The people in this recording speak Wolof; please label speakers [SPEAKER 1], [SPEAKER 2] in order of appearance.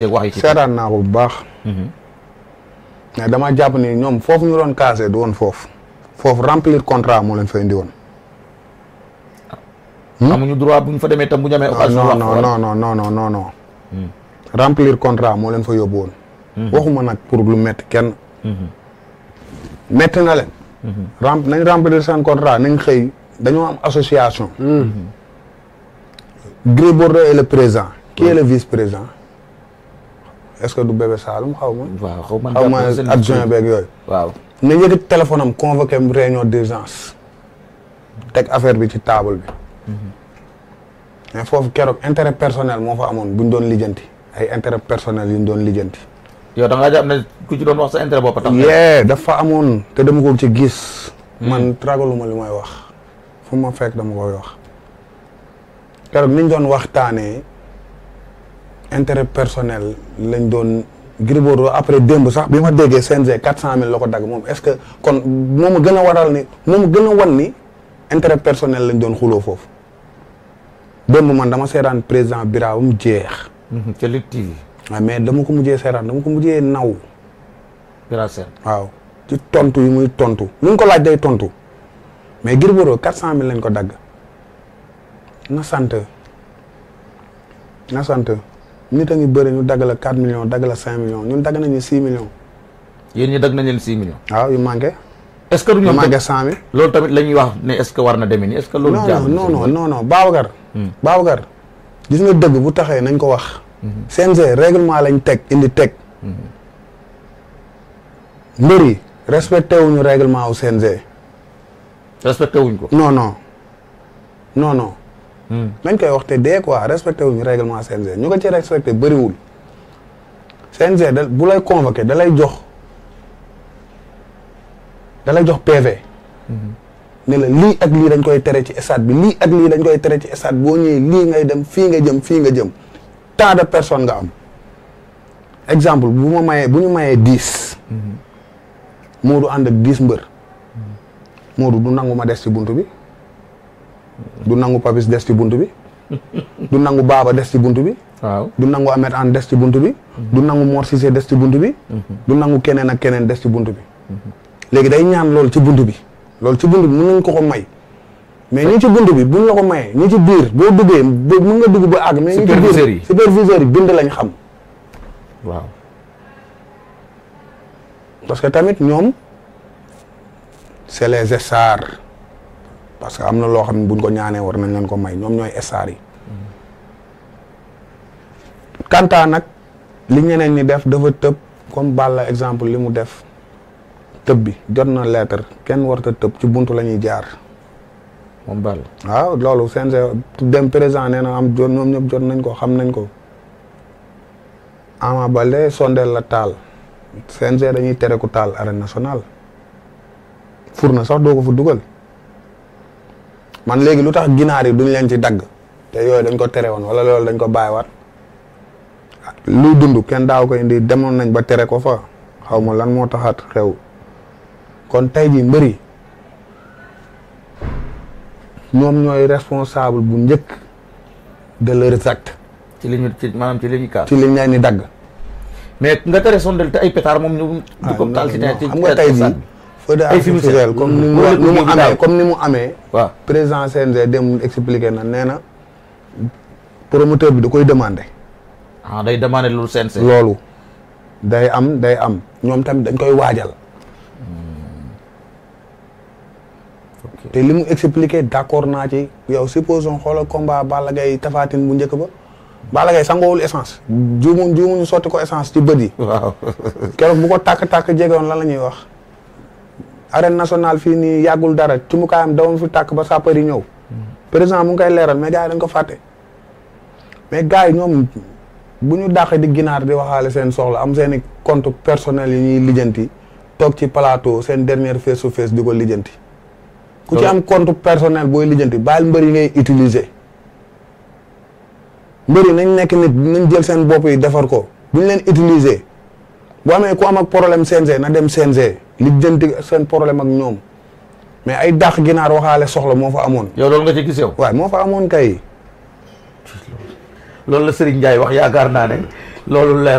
[SPEAKER 1] seetaan naa ko bu baax mhm. mais dama jàpp ni ñoom foofu ñu doon casé du woon foofu foofu remplir contrat moo leen fa indi woon hmm? amuñu droit bu ñu fa demee tam bu ñu amee occasion ah, non non non non non non hmm. non remplir contrat moo leen fa yóbbu woon hmm. waxuma nag pour lu métti kenn métti na leen nañ remplir seen contrat nañ xëy dañoo am association Gris Bordeaux est le président qui est le vice président est-ce que du bébé Saloum xaw ma. waaw xaw ma xaw ma adjoint beeg yooyu. waaw na yëkkati téléphone am convoqué am réunion d'urgence teg affaire bi ci table bi. Mhm. mais foofu keroog intérêt personnel moo fa amoon bu ñu doon lijjanti ay intérêt personnel yu ñu doon lijjanti. yow da ngaa ku ci doon wax sa intérêt bopp tax. yee dafa amoon te dama ko ci gis. Mhm. man ragaluma li may wax fu ma fekk dama koy wax keroog ni ñu doon waxtaanee. intérêt personnel lañ doon Gris Bordeaux après démb sax bi ma déggee CNG quatre cent mille la ko dagg moom est-ce que kon moom ma gën a waral ni moom ma gën a wan ni intérêt personnel lañ doon xuloo foofu démb man dama seetaan président Birahim jeex. ca Lutte TV. waaw mais dama ko mujjee seetaan dama ko mujjee naw. Birahim waaw ci tontu yi muy tontu lu ko laaj day tontu mais Gris Bordeaux quatre cent mille lañ ko dagg na sant na sant. nit a ngi bëri ñu dagg la 4 millions dagg la 5 millions ñun dagg nañu 6 millions. yéen ñi dagg nañ leen 6 millions. waaw yu manqué. est ce que du ñu manqué 100000. loolu tamit lañuy wax ne est ce que war na demee nii est ce que. loolu jaarul non non non non hmm. Babacar. gis nga dëgg bu taxee nañ ko wax. Hmm. CNG règlement lañ teg indi teg. Hmm. yi respecté wuñu règlement wu CNG. respecté ko. non non Hmm. nañ koy wax te dee quoi respecté wuñu règlement CNG ñu ko ci respecté bariwul CNG bu lay convoqué dalay jox da jox PV. Hmm. ne la lii ak lii dañ koy tere ci stade bi lii ak lii dañ koy tere stade boo ñëwee lii ngay dem fii nga jëm fii nga jëm tas de personne nga am exemple bu ma mayee bu ñu mayee dix. Hmm. Moodu ànd ak dix mbër. Moodu du nangu ma des ci bunt bi. du nangu Papis des ci bunt bi. du nangu Baba des ci bunt bi. waaw du nangu Ahmed An des ci bunt bi. du nangu Mor des ci bunt bi. du nangu keneen ak keneen des ci bunt bi. léegi day ñaan loolu ci bunt bi. loolu ci bunt bi mën nañ ko may. mais ñi ci bunt bi bu la ko mayee ñi ci biir boo duggee mën nga dugg ba ak mais ñi ci biir superviseurs yi bind lañ xam. waaw. parce que tamit ñoom c'est les stars. parce que amna lo xamne buñ ko ñaané war nañ lan ko may ñom ñoy star yi. Kanta nak li ñeneen ni def dafa tëb comme Balla exemple limu def tëb bi jot na lettre kenn warta tëb ci buntu lañuy jaar. mom bal waaw lolu sen dem président néna am jot ñom ñep jot nañ ko xam nañ ko. Ama balé sondel la taal CNG dañuy téré ko tal arena nationale. fourna sax doo ko fa man léegi lu tax ginaar yi duñ leen ci dagg te yooyu dañ ko tere woon wala loolu dañ ko bàyyiwaat luy dund kenn daaw ko indi demoon nañ ba tere ko fa xaw ma lan moo taxaat xew kon tey jii mbër yi ñoom ñooy responsable bu njëkk de leurs actes. ci li ñu ci maanaam ci ci li ñu leen di dagg. mais nga tere sondel te ay pétard moom ñu. Ah, du ko taal ci xam nga tey jii EDA ay fumigène comme ni mu amee président CNG dem expliqué na nee promoteur bi da koy ah day demandé loolu CNG. loolu day am day am ñoom tamit dañ koy waajal. Hmm. te li mu expliqué d' ci yow supposons xoolal combat Balla tafatin bu njëkk ba. Balla Gaye sangoowul essence. juumu juumuñu sotti ko essence ci beudi yi. waaw bu ko tak tak jegewoon lan la wax. arène nationale fii nii yàggul dara ci mu kaayam dawam fi tàkk ba sapeur yi ñëw. président mu ngi kay leeral mais gars yi dañ ko fàtte. mais gars yi ñoom bu ñu dàqee di ginaar di waxaale seen soxla am seen i compte personnel yi ñuy lijjanti toog ci plateau seen dernière face to face di ko lijjanti. ku ci am compte personnel booy lijjanti baal mbër ngay utiliser. mbër nañ nekk nit nañ jël seen bopp yi defar ko bu ñu leen utiliser bu amee ku am ak problème CNG na dem CNG. jënd seen problème ak ñoom mais ay dàq ginaar waxaale soxla moo fa amoon. yow loolu nga ci gis yow. moo fa amoon kay. loolu la Serigne Ndiaye wax yaakaar naa ne loolu la.